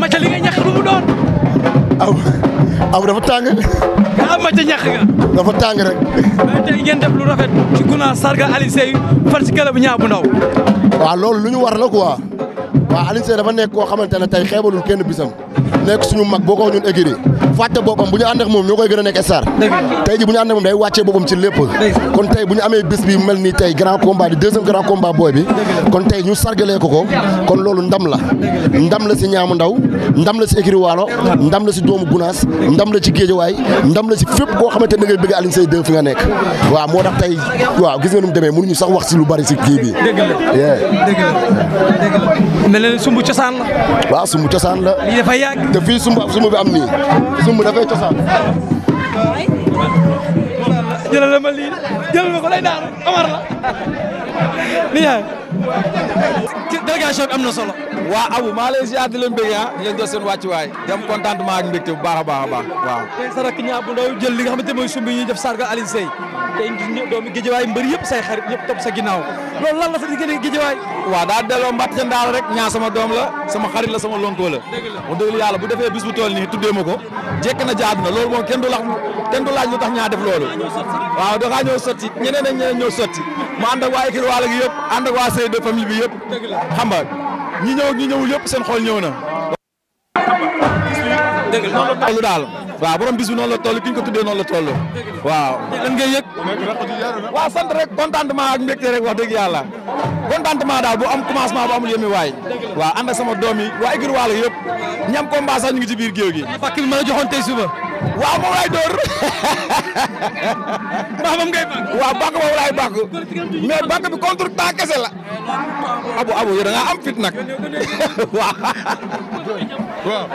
Mathia aw aw dafa tàng. ah Mathia ñax nga. dafa tàng rek. mais tey ngeen def lu rafet ci Gunaas sarga Alioune Seye far ci club Niang bu Ndaw. waaw loolu lu ñu war la quoi. waaw Alioune Seye dafa nekk koo xamante ne tey xeebalul kenn bisam. nekk suñu mag boo ko ñun écurie fàtte boppam bu ñu ànd ak moom ñoo koy gën a nekk star tey bu ñu ànd ak wàccee boppam ci lépp kon tey bu ñu amee bis bi mel nii tey grand combat di deuxième grand combat booy bi kon tey ñu sargalee ko ko kon loolu ndam la ndam la si ñaamu ndaw ndam la si écrit waalo ndam la si doomu gunaas ndam la ci géejawaay ndam la si fépp koo xamante ne ngay bëgg Alioune Seye 2 nga nekk waaw moo tax tey waaw gis nga nu mu demee ñu sax wax si lu bari si kii bi mel na sumb cosaan la waaw sumb cosaan la te fii sumb sumb bi am nii sumb dafay cosaan. jëlal ma lii jëlal ma ko lay daanu Amar la. lii yaay. délégation bi am na solo. waa Abu maa lay ziar di leen bëgg ah di leen jox seen wàccuwaay dem contentement ak mbégte bu baax a baax a baax waaw. tey sa rakk bu ndaw jël li nga xamante ne mooy sumb yi ñuy def sargal Alioune Seye. tey doomu géejewaay mbër yëpp say xarit ñëpp topp sa ginnaaw. loolu lan la sa diggante Guédiawaye waaw daa delloo mbatt ca ndaal rek ñaa sama doom la sama xarit la sama lonko la mu dëgg yàlla bu defee bis bu toll nii tuddee ma ko jekk na jaadu na loolu moom kenn du lax kenn du laaj lu tax ñaa def loolu waaw daxaa ñëw sotti ñeneen ak ñeneen ñëw sotti ma ànd ak waa équipe waala gi yëpp ànd ak waa sey de famille bi yëpp xam ñi ñëw ñi ñëwul yëpp seen xol ñëw na loolu daal waaw borom bis bi noonu la toll ki ko tuddee noonu la toll. waaw lan ngay yëg. waaw sant rek contentement ak mbégte rek wax dëgg yàlla. contentement daal bu am commencement bu amul yëmi waay. waaw ànd ak sama doom yi waa Igri Waalo yëpp ñam combat sax ñu ngi ci biir géew gi. fàkk bi ma la joxoon tey suba. waaw moom laay dóor. ndax moom ngay bàq. waaw bàq boobu bi contre temps kese la. abu abu yow da nga am fit nag waaw. waaw.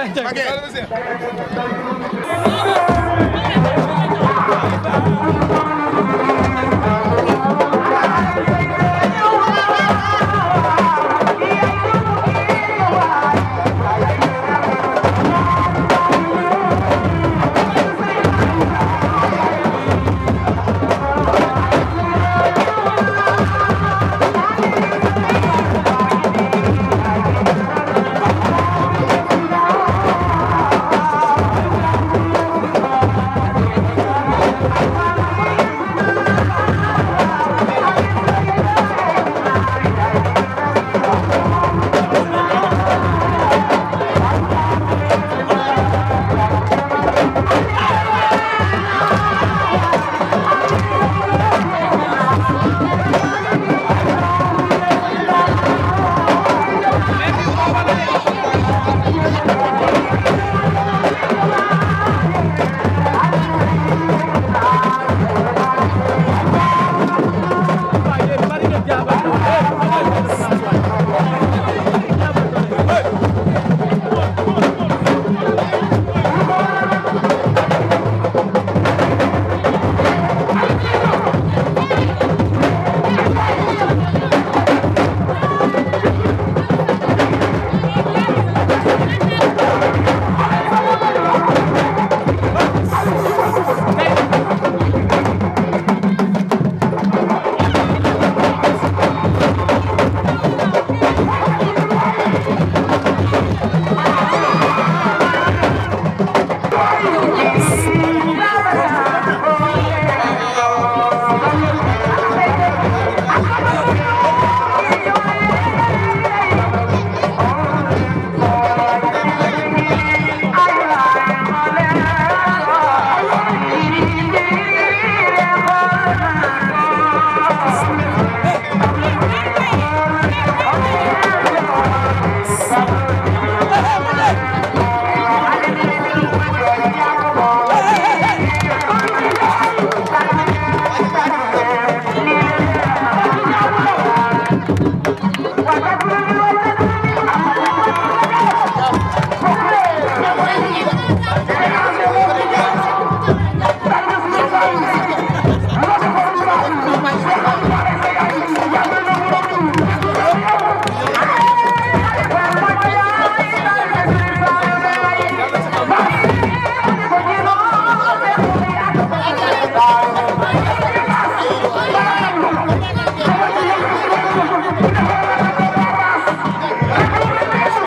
Thank you.